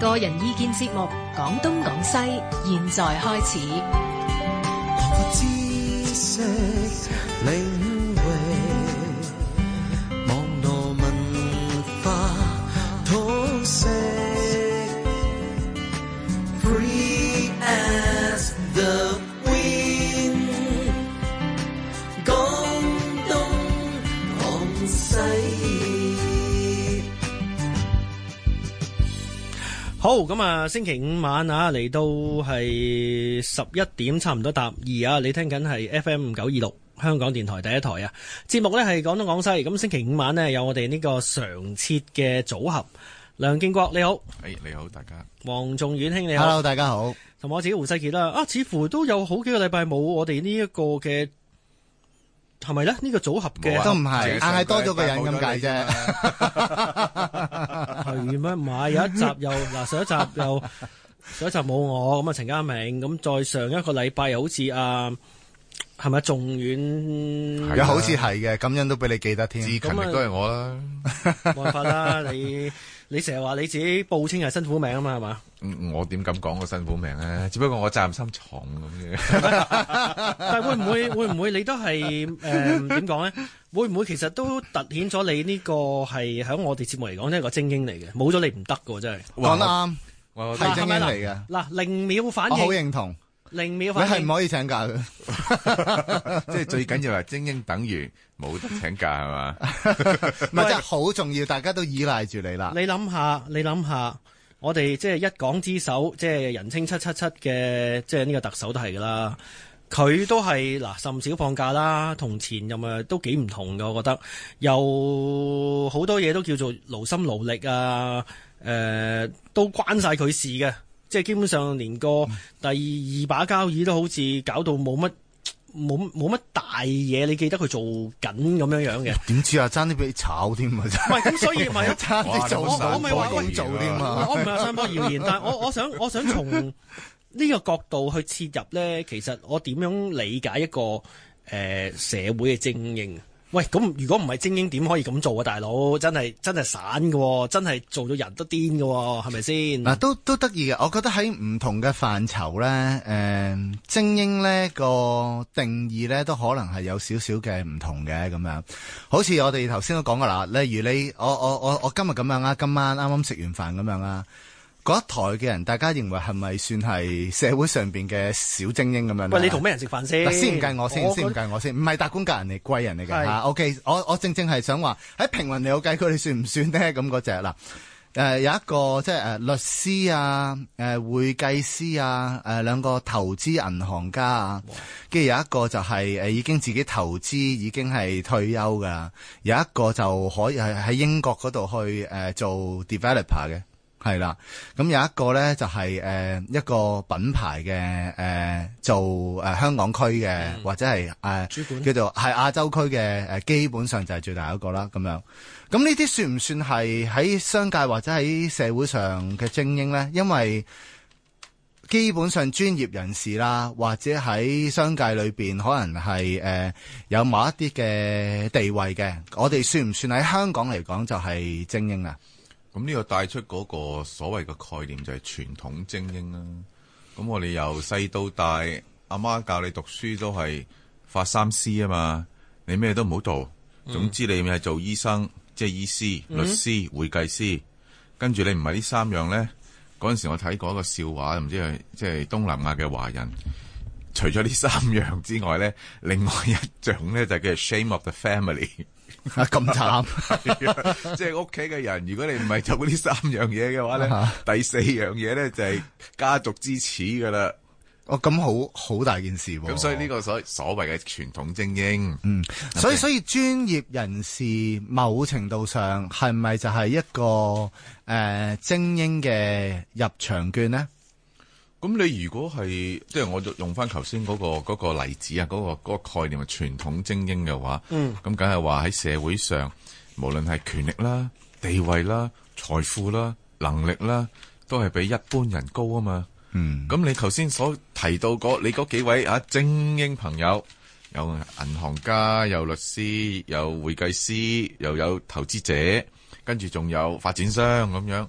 個人意見節目《講東講西》，現在開始。好，咁啊，星期五晚啊，嚟到係十一點，差唔多搭二啊。你聽緊係 FM 九二六香港電台第一台啊。節目咧係講東講西咁。星期五晚咧有我哋呢個常設嘅組合，梁敬國你好，誒、hey, 你好大家，黃仲遠兄你好，hello 大家好，同埋我自己胡世傑啦、啊。啊，似乎都有好幾個禮拜冇我哋呢一個嘅。係咪咧？呢個組合嘅都唔係，硬係多咗個人咁解啫。係咩？唔係有一集又嗱，上一集又上一集冇我咁啊，陳家明咁。再上一個禮拜又好似啊，係咪仲遠？啊，好似係嘅，咁樣都俾你記得添。最近都係我啦，冇辦法啦。你你成日話你自己報稱係辛苦名啊嘛，係嘛？我點敢講個辛苦命咧？只不過我責任心重咁啫。但係會唔會會唔會你都係誒點講咧？會唔會其實都凸顯咗你呢個係喺我哋節目嚟講，真係個精英嚟嘅？冇咗你唔得嘅真係講得啱，係精英嚟嘅嗱。零秒反應，我好認同零秒反應，你係唔可以請假嘅，即係最緊要係精英等於冇得請假係嘛？唔係真係好重要，大家都依賴住你啦。你諗下，你諗下。我哋即係一港之首，即係人稱七七七嘅，即係呢個特首都係㗎喇。佢都係嗱，甚少放假啦，同前任呀都幾唔同㗎，我覺得。又好多嘢都叫做勞心勞力啊。誒、呃，都關晒佢事嘅，即係基本上連個第二把交椅都好似搞到冇乜。冇冇乜大嘢，你記得佢做緊咁樣樣嘅？點知啊，爭啲俾你炒添啊！唔係咁，所以咪係爭啲做，我咪唔係話我做添啊！ 我唔係想講謠言，但係我我想我想從呢個角度去切入咧，其實我點樣理解一個誒、呃、社會嘅精英？喂，咁如果唔係精英，點可以咁做啊？大佬，真係真係散嘅，真係、喎、做到人都癲嘅、喎，係咪先？嗱，都都得意嘅，我覺得喺唔同嘅範疇咧，誒、呃，精英咧個定義咧都可能係有少少嘅唔同嘅，咁樣。好似我哋頭先都講嘅啦，例如你，我我我我今日咁樣啊，今晚啱啱食完飯咁樣啊。嗰一枱嘅人，大家認為係咪算係社會上邊嘅小精英咁樣？喂，你同咩人食飯先？先唔計我先，哦、先唔計我先，唔係達官貴人嚟貴人嚟貴人嚟嘅吓。OK，我我正正係想話喺平民嚟，我計佢哋算唔算，算呢？咁嗰隻嗱，誒、呃、有一個即係誒律師啊，誒、呃、會計師啊，誒、呃、兩個投資銀行家啊，跟住哇有一個就係、是、誒已經自己投資，已經係退休㗎，有一個就可以係喺英國嗰度去誒、呃、做 developer 嘅。係啦，咁有一個咧就係、是、誒、呃、一個品牌嘅誒、呃、做誒香港區嘅、嗯、或者係誒、呃、主管叫做係亞洲區嘅誒基本上就係最大一個啦咁樣。咁呢啲算唔算係喺商界或者喺社會上嘅精英咧？因為基本上專業人士啦，或者喺商界裏邊可能係誒、呃、有某一啲嘅地位嘅，我哋算唔算喺香港嚟講就係精英啊？咁呢個帶出嗰個所謂嘅概念就係傳統精英啦。咁我哋由細到大，阿媽教你讀書都係發三思啊嘛。你咩都唔好做，嗯、總之你係做醫生，即係醫師、嗯、律師、會計師。跟住你唔係呢三樣咧，嗰陣時我睇過一個笑話，唔知係即係東南亞嘅華人，除咗呢三樣之外咧，另外一種咧就叫 shame of the family。啊咁慘，慘 即係屋企嘅人，如果你唔係做呢三樣嘢嘅話咧， 第四樣嘢咧就係、是、家族支持噶啦。哦，咁好好大件事、啊。咁所以呢個所所謂嘅傳統精英，嗯 Okay. 所，所以所以專業人士某程度上係咪就係一個誒、呃、精英嘅入場券咧？咁你如果係即係我就用翻頭先嗰個例子啊，嗰個概念係傳統精英嘅話，嗯，咁梗係話喺社會上，無論係權力啦、地位啦、財富啦、能力啦，都係比一般人高啊嘛，嗯，咁你頭先所提到嗰你嗰幾位啊精英朋友，有銀行家、有律師、有會計師、又有投資者，跟住仲有發展商咁樣。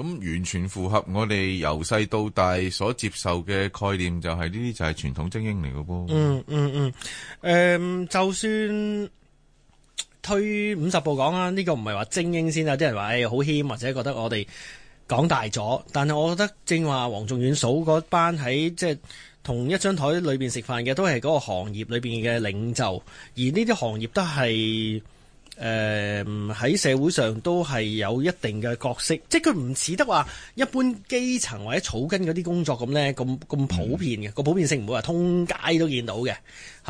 咁完全符合我哋由細到大所接受嘅概念，就係，就係呢啲就係傳統精英嚟嘅噃。嗯嗯嗯，誒、嗯，就算推五十步講啊，呢、呢個唔係話精英先啊，啲人話好、哎、謙或者覺得我哋講大咗，但係我覺得正話黃仲遠數嗰班喺即係同一張台裏邊食飯嘅，都係嗰個行業裏邊嘅領袖，而呢啲行業都係。誒喺，嗯、社會上都係有一定嘅角色，即係佢唔似得話一般基層或者草根嗰啲工作咁咧，咁咁普遍嘅，個普遍性唔會話通街都見到嘅嚇，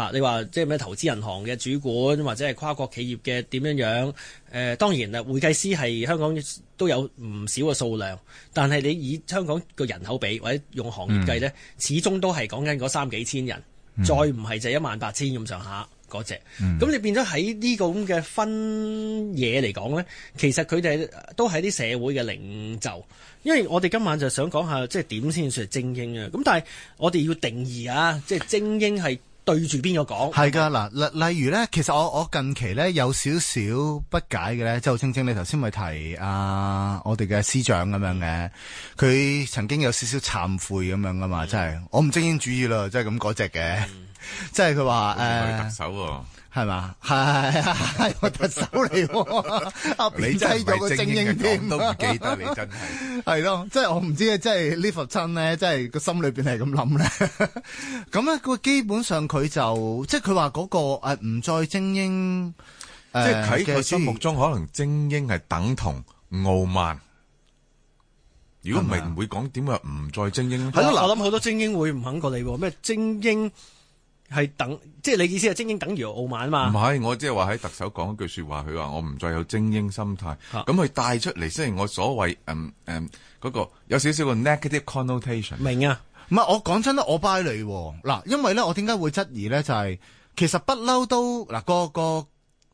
啊。你話即係咩投資銀行嘅主管或者係跨國企業嘅點樣樣？誒、呃、當然啦，會計師係香港都有唔少嘅數量，但係你以香港個人口比或者用行業計呢，嗯、始終都係講緊嗰三幾千人，嗯、再唔係就一萬八千咁上下。嗰隻，咁、嗯、你變咗喺呢個咁嘅分野嚟講咧，其實佢哋都係啲社會嘅領袖，因為我哋今晚就想講下即係點先算精英啊，咁但係我哋要定義啊，即係精英係對住邊個講？係噶、嗯，嗱例、嗯、例如咧，其實我我近期咧有少少不解嘅咧，周青青，你頭先咪提啊，我哋嘅司長咁樣嘅，佢曾經有少少懺悔咁樣噶嘛，即係、嗯、我唔精英主義啦，即係咁嗰隻嘅。嗯即係佢話誒，特首係嘛？係係係，個特首嚟，你真係有個精英，點都唔記得，你真係係咯，即係我唔知咧，即係呢份親咧，即係個心裏邊係咁諗咧。咁咧，個基本上佢就即係佢話嗰個誒，唔再精英。即係喺佢心目中，可能精英係等同傲慢。如果唔係，唔會講點啊？唔再精英。係咯，我諗好多精英會唔肯過你，咩精英？係等，即係你意思係精英等於傲慢啊嘛？唔係，我即係話喺特首講一句說話，佢話我唔再有精英心態，咁佢帶出嚟，雖然我所謂嗯嗯嗰、那個有少少個 negative connotation。明啊，唔係我講真啦，我 buy 你嗱、啊，因為咧我點解會質疑咧？就係、是、其實不嬲都嗱、啊，個個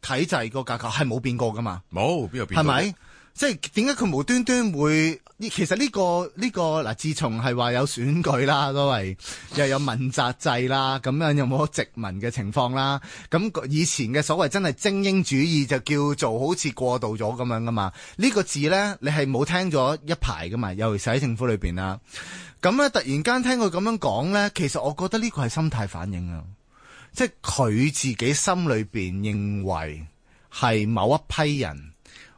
體制個架構係冇變過噶嘛？冇，邊有變？係咪？即係點解佢無端端會？其實呢個呢個嗱，自從係話有選舉啦，都係又有問責制啦，咁樣有冇殖民嘅情況啦？咁以前嘅所謂真係精英主義，就叫做好似過渡咗咁樣噶嘛？呢個字呢，你係冇聽咗一排噶嘛？尤其是喺政府裏邊啦，咁咧突然間聽佢咁樣講呢，其實我覺得呢個係心態反應啊！即係佢自己心裏邊認為係某一批人。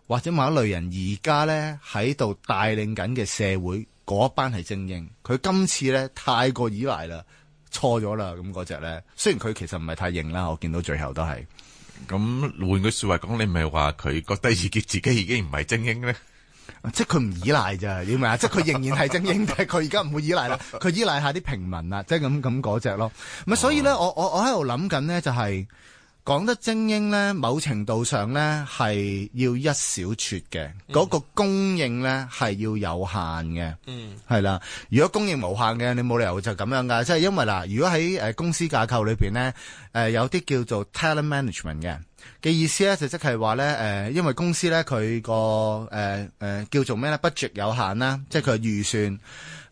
或者某一類人而家咧喺度帶領緊嘅社會嗰一班係精英，佢今次咧太過依賴啦，錯咗啦咁嗰隻咧。雖然佢其實唔係太型啦，我見到最後都係。咁、嗯、換句説話講，你唔係話佢覺得自己自己已經唔係精英咧、嗯？即係佢唔依賴咋，點咪係啊？即係佢仍然係精英， 但係佢而家唔會依賴啦。佢依賴下啲平民啦，即係咁咁嗰隻咯。唔、那個、所以咧、哦，我我我喺度諗緊咧，就係。講得精英咧，某程度上咧係要一小撮嘅嗰、嗯、個供應咧係要有限嘅，係啦、嗯。如果供應無限嘅，你冇理由就咁樣噶。即係因為嗱，如果喺誒、呃、公司架構裏邊咧，誒、呃、有啲叫做 talent management 嘅嘅意思咧，就即係話咧誒，因為公司咧佢個誒誒叫做咩咧，budget 有限啦，即係佢預算。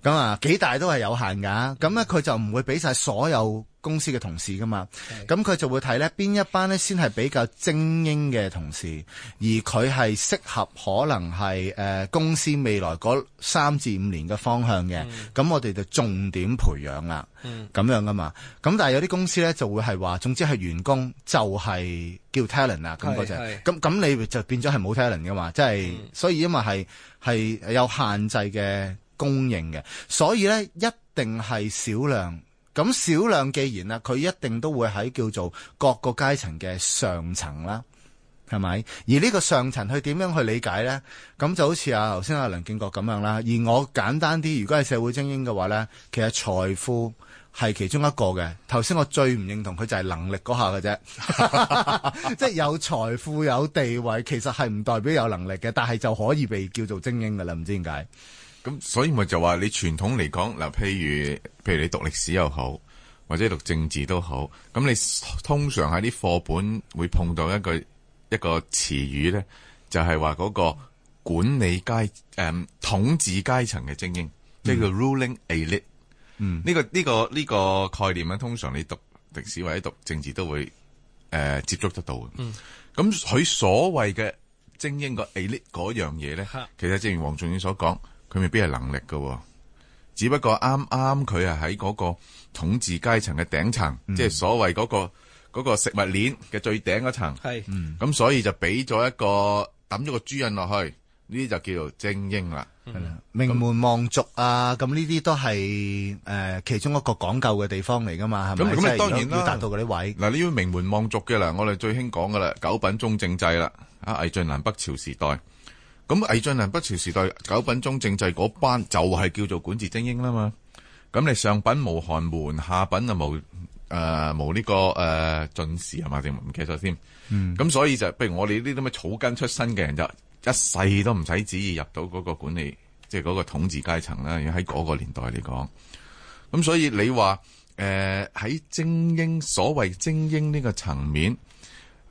咁啊，幾大都係有限噶、啊。咁咧、啊，佢就唔會俾晒所有公司嘅同事噶嘛。咁佢的就會睇咧邊一班咧先係比較精英嘅同事，而佢係適合可能係誒、呃、公司未來嗰三至五年嘅方向嘅。咁、嗯、我哋就重點培養啦。咁、嗯、樣噶、啊、嘛。咁但係有啲公司咧就會係話，總之係員工就係、是、叫 talent 啊。咁只咁咁，的你就變咗係冇 talent 噶嘛。即、就、係、是嗯、所以，因為係係有限制嘅。供應嘅，所以咧，一定係少量咁少量。量既然啊，佢一定都會喺叫做各個階層嘅上層啦，係咪？而呢個上層佢點樣去理解呢？咁就好似啊頭先阿梁敬國咁樣啦。而我簡單啲，如果係社會精英嘅話呢，其實財富係其中一個嘅。頭先我最唔認同佢就係、是、能力嗰下嘅啫， 即係有財富有地位，其實係唔代表有能力嘅，但係就可以被叫做精英噶啦。唔知點解。咁所以咪就話，你傳統嚟講嗱，譬如譬如你讀歷史又好，或者讀政治都好，咁你通常喺啲課本會碰到一個一個詞語咧，就係話嗰個管理階誒統治階層嘅精英，即係叫 ruling elite。嗯，呢、這個呢、這個呢、這個概念咧，通常你讀歷史或者讀政治都會誒、呃、接觸得到嘅。嗯，咁佢所謂嘅精英個 elite 嗰樣嘢咧，啊、其實正如黃仲遠所講。佢未必係能力噶，只不過啱啱佢係喺嗰個統治階層嘅頂層，即係所謂嗰個嗰個食物鏈嘅最頂嗰層。係，咁所以就俾咗一個抌咗個豬印落去，呢啲就叫做精英啦。係啦，名門望族啊，咁呢啲都係誒其中一個講究嘅地方嚟噶嘛。咁咁啊，當然啦，要達到嗰啲位。嗱，你要名門望族嘅啦，我哋最興講噶啦，九品中正制啦，阿魏晉南北朝時代。咁魏晉南北朝時代九品中正制嗰班就係、是、叫做管治精英啦嘛，咁你上品無寒門，下品就無誒、呃、無呢、這個誒進、呃、士係嘛？定唔記得咗添？咁、嗯、所以就，不如我哋呢啲咁嘅草根出身嘅人就一世都唔使旨意入到嗰個管理，即係嗰個統治階層啦。要喺嗰個年代嚟講，咁所以你話誒喺精英所謂精英呢個層面，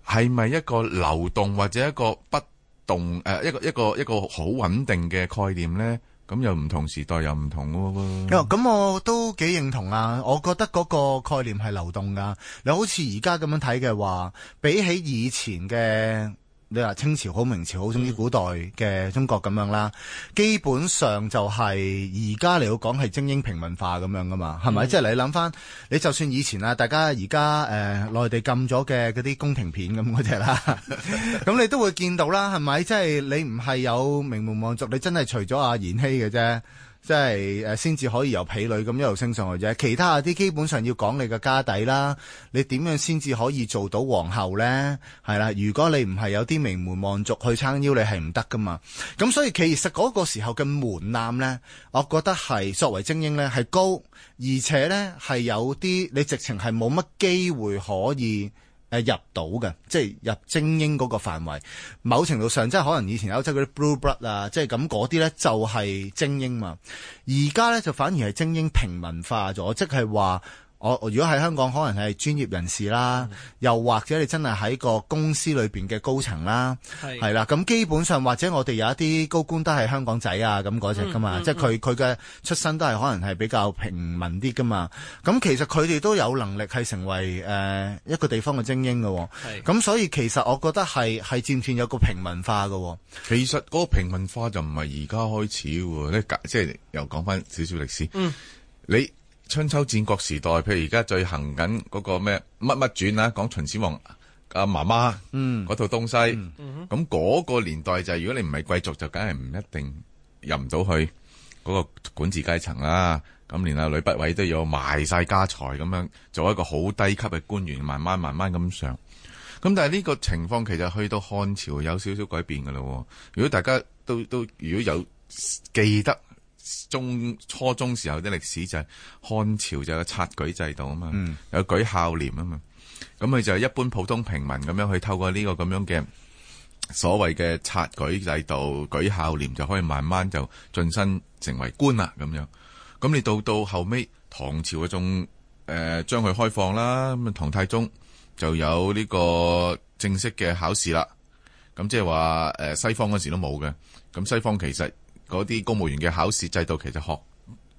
係咪一個流動或者一個不？動誒一個一個一個好穩定嘅概念咧，咁又唔同時代又唔同喎。咁、嗯、我都幾認同啊！我覺得嗰個概念係流動噶。你好似而家咁樣睇嘅話，比起以前嘅。你話清朝好、明朝好，仲要古代嘅中國咁樣啦，嗯、基本上就係而家嚟講係精英平民化咁樣噶嘛，係咪、嗯？即係、就是、你諗翻，你就算以前啊，大家而家誒內地禁咗嘅嗰啲宮廷片咁嗰隻啦，咁 你都會見到啦，係咪？即、就、係、是、你唔係有名門望族，你真係除咗阿延禧嘅啫。即係誒，先、呃、至可以由婢女咁一路升上去啫。其他啲基本上要講你嘅家底啦，你點樣先至可以做到皇后呢？係啦，如果你唔係有啲名門望族去撐腰，你係唔得噶嘛。咁所以其實嗰個時候嘅門檻呢，我覺得係作為精英呢係高，而且呢係有啲你直情係冇乜機會可以。誒入到嘅，即係入精英嗰個範圍。某程度上，即係可能以前歐洲嗰啲 blue blood 啊，即係咁嗰啲咧就係精英嘛。而家咧就反而係精英平民化咗，即係話。我如果喺香港，可能係專業人士啦，嗯、又或者你真係喺個公司裏邊嘅高層啦，係啦是。咁基本上，或者我哋有一啲高官都係香港仔啊，咁嗰只噶嘛，嗯嗯嗯嗯、即係佢佢嘅出身都係可能係比較平民啲噶嘛。咁其實佢哋都有能力係成為誒、呃、一個地方嘅精英噶、哦。咁是所以其實我覺得係係漸漸有個平民化噶、哦。嗯、其實嗰個平民化就唔係而家開始，即係又講翻少少歷史。你。春秋戰國時代，譬如而家最行緊嗰個咩乜乜傳啊，講秦始皇阿媽媽，啊、媽媽嗯，嗰套東西，咁嗰、嗯嗯嗯、個年代就係、如果你唔係貴族，就梗係唔一定入唔到去嗰個管治階層啦。咁連阿呂不韋都要賣晒家財咁樣做一個好低級嘅官員，慢慢慢慢咁上。咁但係呢個情況其實去到漢朝有少少改變噶啦。如果大家都都如果有記得。中初中時候啲歷史就係漢朝就有察舉制度啊嘛，嗯、有舉孝廉啊嘛，咁佢就一般普通平民咁樣去透過呢個咁樣嘅所謂嘅察舉制度舉孝廉就可以慢慢就晉身成為官啦咁樣，咁你到到後尾唐朝嗰種誒將佢開放啦，咁唐太宗就有呢個正式嘅考試啦，咁即係話誒西方嗰時都冇嘅，咁西方其實。嗰啲公務員嘅考試制度其實學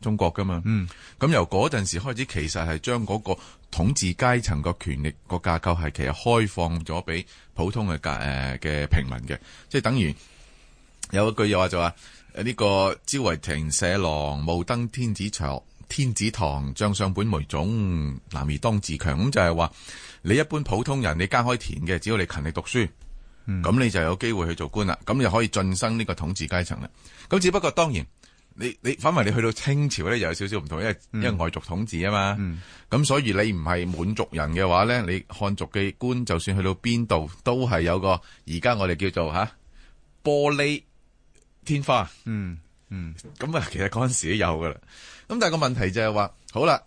中國㗎嘛，咁、嗯、由嗰陣時開始，其實係將嗰個統治階層個權力、個架構係其實開放咗俾普通嘅階誒嘅平民嘅，即係等於有一句又話就話誒呢個朝為田舍郎，暮登天子牀天子堂，將相本無種，男兒當自強，咁就係話你一般普通人你耕開田嘅，只要你勤力讀書。咁、嗯、你就有機會去做官啦，咁就可以晉升呢個統治階層啦。咁只不過當然，你你反為你去到清朝咧，又有少少唔同，因為、嗯、因為外族統治啊嘛。咁、嗯、所以你唔係滿族人嘅話咧，你漢族嘅官就算去到邊度，都係有個而家我哋叫做吓、啊、玻璃天花。嗯嗯，咁、嗯、啊，其實嗰陣時都有噶啦。咁但係個問題就係話，好啦，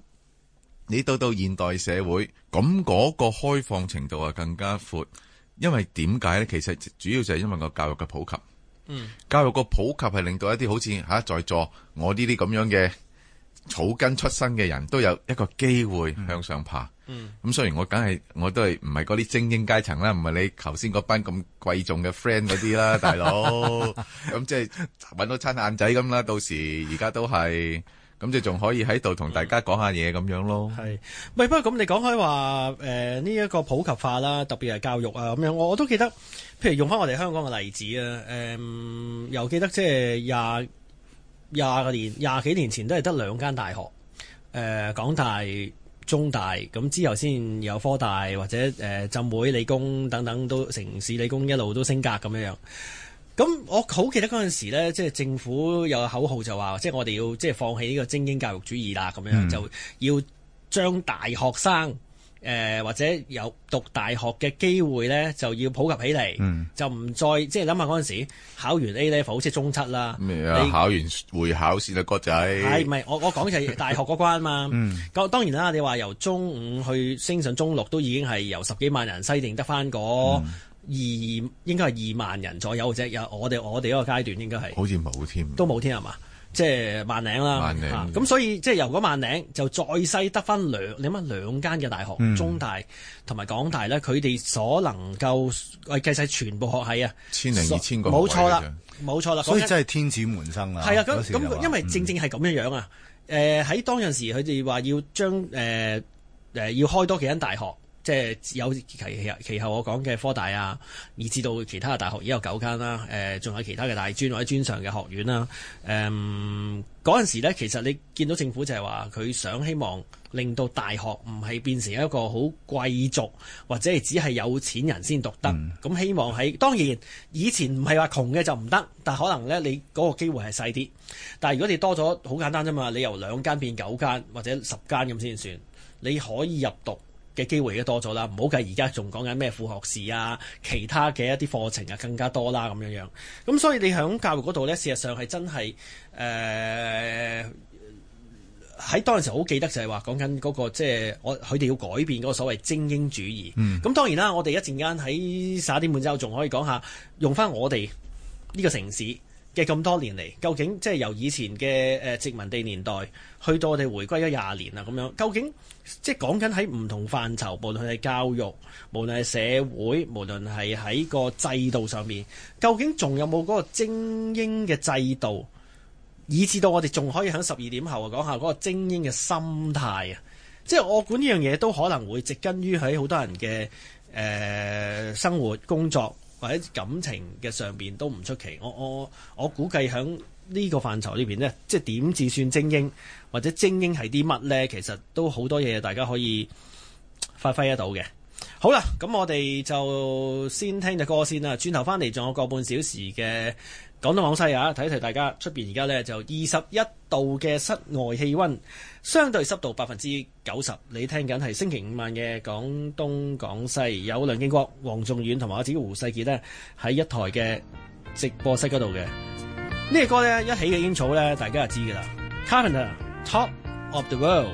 你到到現代社會，咁嗰個開放程度啊更加闊。因為點解咧？其實主要就係因為個教育嘅普及，嗯，教育個普及係令到一啲好似吓在座我呢啲咁樣嘅草根出身嘅人都有一個機會向上爬，嗯，咁雖然我梗係我都係唔係嗰啲精英階層啦，唔係你頭先嗰班咁貴重嘅 friend 嗰啲啦，大佬，咁 即係搵到餐晏仔咁啦，到時而家都係。咁就仲可以喺度同大家講下嘢咁、嗯、樣咯。係，喂，不過咁你講開話，誒呢一個普及化啦，特別係教育啊咁樣，我我都記得，譬如用翻我哋香港嘅例子啊，誒、呃，又記得即係廿廿年廿幾年前都係得兩間大學，誒、呃，港大、中大，咁之後先有科大或者誒、呃、浸會理工等等，都城市理工一路都升格咁樣。咁我好記得嗰陣時咧，即係政府有個口號就話，即係我哋要即係放棄呢個精英教育主義啦，咁樣、嗯、就要將大學生誒、呃、或者有讀大學嘅機會咧，就要普及起嚟、嗯，就唔再即係諗下嗰陣時考完 A 呢，好似中七啦，咩啊？你考完會考試啊，哥仔，係咪、哎？我我講就係大學嗰關啊嘛。咁、 嗯、當然啦，你話由中五去升上中六，都已經係由十幾萬人篩定得翻嗰。嗯二應該係二萬人左右啫，有我哋我哋嗰個階段應該係好似冇添，都冇添係嘛，即係萬嶺啦，萬嶺，咁所以即係由嗰萬嶺就再細得翻兩，你諗下兩間嘅大學，嗯、中大同埋港大咧，佢哋所能夠計晒全部學系啊，千零二千個，冇錯啦，冇錯啦，所以真係天子門生啦。係啊，咁咁，因為正正係咁樣樣啊。誒、嗯，喺、呃、當陣時佢哋話要將誒誒、呃呃、要開多幾間大學。即係有其後，其後我講嘅科大啊，以至到其他大學已經有九間啦。誒、呃，仲有其他嘅大專或者專上嘅學院啦。誒、嗯，嗰陣時呢，其實你見到政府就係話佢想希望令到大學唔係變成一個好貴族，或者只係有錢人先讀得。咁、嗯、希望喺，當然以前唔係話窮嘅就唔得，但可能呢，你嗰個機會係細啲。但係如果你多咗好簡單啫嘛，你由兩間變九間或者十間咁先算，你可以入讀。嘅機會都多咗啦，唔好計而家仲講緊咩副學士啊，其他嘅一啲課程啊更加多啦咁樣樣。咁所以你喺教育嗰度呢，事實上係真係誒，喺當時好記得就係話講緊嗰個即係我佢哋要改變嗰個所謂精英主義。咁、嗯、當然啦，我哋一陣間喺十一點半之後仲可以講下用翻我哋呢個城市。嘅咁多年嚟，究竟即係由以前嘅誒殖民地年代去到我哋回歸咗廿年啦，咁樣究竟即係講緊喺唔同範疇，無論係教育，無論係社會，無論係喺個制度上面，究竟仲有冇嗰個精英嘅制度，以至到我哋仲可以響十二點後啊講下嗰個精英嘅心態啊？即係我管呢樣嘢都可能會植根於喺好多人嘅誒、呃、生活工作。或者感情嘅上邊都唔出奇，我我我估計喺呢個範疇裏邊呢，即係點至算精英，或者精英係啲乜呢？其實都好多嘢大家可以發揮得到嘅。好啦，咁我哋就先聽隻歌先啦，轉頭翻嚟仲有個半小時嘅。廣東廣西啊，睇一睇大家出邊而家咧就二十一度嘅室外氣温，相對濕度百分之九十。你聽緊係星期五晚嘅廣東廣西，有梁敬國、黃仲遠同埋阿子胡世杰咧喺一台嘅直播室嗰度嘅呢個歌咧，一起嘅煙草咧，大家就知㗎啦。《Carpenter Top of the World》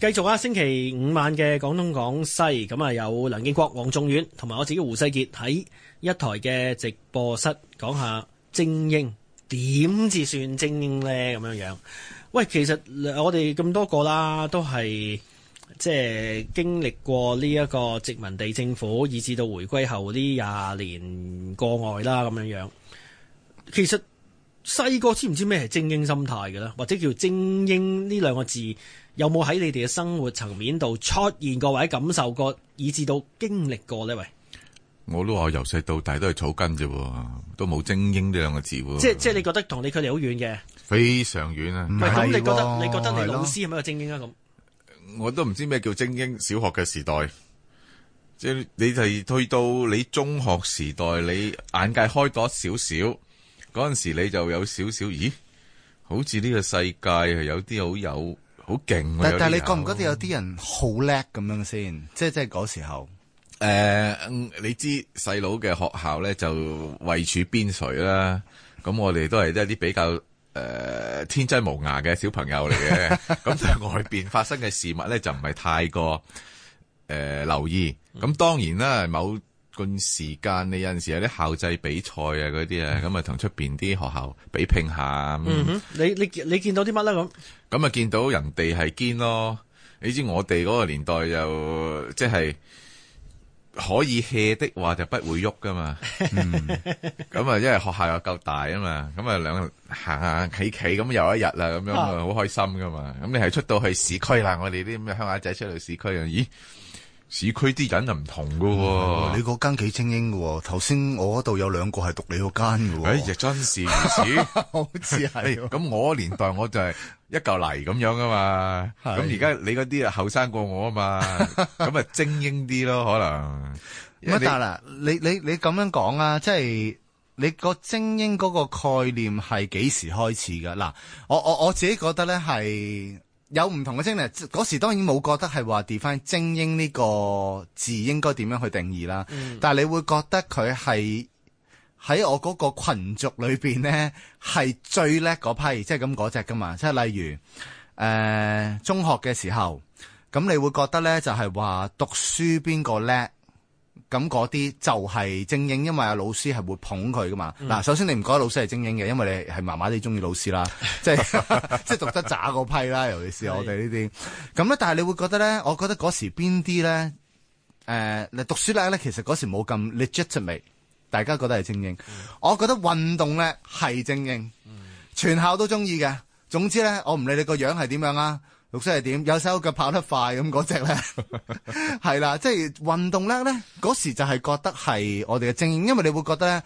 繼續啊！星期五晚嘅廣東廣西咁啊，有梁敬國、黃仲遠同埋我自己胡世傑喺一台嘅直播室講下精英點至算精英呢？咁樣樣。喂，其實我哋咁多個啦，都係即係經歷過呢一個殖民地政府，以至到回歸後呢廿年過外啦，咁樣樣。其實細個知唔知咩係精英心態嘅咧？或者叫精英呢兩個字？有冇喺你哋嘅生活層面度出現過，或者感受過，以致到經歷過呢？喂，我都話由細到大都係草根啫，都冇精英呢兩個字即。即係即係，你覺得同你距離好遠嘅？非常遠啊！咁、哦、你覺得你覺得你老師係咪個精英啊？咁、哦、我都唔知咩叫精英。小學嘅時代，即係你係去到你中學時代，你眼界開多少少嗰陣時，你就有少少咦，好似呢個世界係有啲好有。好勁！啊、但但係，你覺唔覺得有啲人好叻咁樣先？即係即係嗰時候。誒、呃，你知細佬嘅學校咧就位處邊陲啦，咁我哋都係一啲比較誒、呃、天真無邪嘅小朋友嚟嘅。咁 外邊發生嘅事物咧，就唔係太過誒、呃、留意。咁當然啦，某段時間你有陣時有啲校際比賽啊，嗰啲啊，咁啊同出邊啲學校比拼下。嗯、你你你見到啲乜咧咁？咁啊，見到人哋係堅咯，你知我哋嗰個年代又即係可以 hea 的話，就不會喐噶嘛。咁啊、 嗯，因為學校又夠大啊嘛，咁啊兩行下企企咁又一日啦，咁樣啊好開心噶嘛。咁你係出到去市區啦，我哋啲咁嘅鄉下仔出到市區啊，咦？市區啲人又唔同噶喎、哦哦，你嗰間幾精英噶喎、哦？頭先我嗰度有兩個係讀你嗰間噶喎、哦。亦真、欸、 是如、哦、此，好似係。咁我嗰年代我就係一嚿泥咁樣啊嘛。咁而家你嗰啲啊後生過我啊嘛。咁啊 精英啲咯，可能。乜、嗯、你但嗱你，你你你咁樣講啊，即係你個精英嗰個概念係幾時開始噶？嗱，我我我，我自己覺得咧係。有唔同嘅精力，嗰時當然冇覺得係話 define 精英呢個字應該點樣去定義啦。嗯、但係你會覺得佢係，喺我嗰個群族裏邊咧係最叻嗰批，即係咁嗰隻噶嘛。即係例如誒、呃，中學嘅時候，咁你會覺得咧就係話讀書邊個叻？咁嗰啲就係精英，因為阿老師係會捧佢噶嘛。嗱、嗯，首先你唔覺得老師係精英嘅，因為你係麻麻哋中意老師啦，即係即係讀得渣嗰批啦，尤其是我哋呢啲。咁咧是，但係你會覺得咧，我覺得嗰時邊啲咧，誒、呃，你，讀書咧，其實嗰時冇咁，legitimate，大家覺得係精英。嗯、我覺得運動咧係精英，嗯、全校都中意嘅。總之咧，我唔理你個樣係點樣啊！綠色係點？有手腳跑得快咁隻咧，係 啦，即係運動叻咧。嗰時就係覺得係我哋嘅精英，因為你會覺得咧，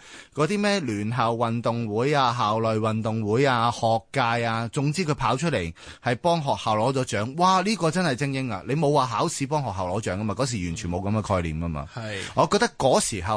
啲咩聯校運動會啊、校內運動會啊、學界啊，總之佢跑出嚟係幫學校攞咗獎。哇！呢個真係精英啊！你冇話考試幫學校攞獎啊嘛？嗰時完全冇咁嘅概念啊嘛。係是，我覺得嗰時候。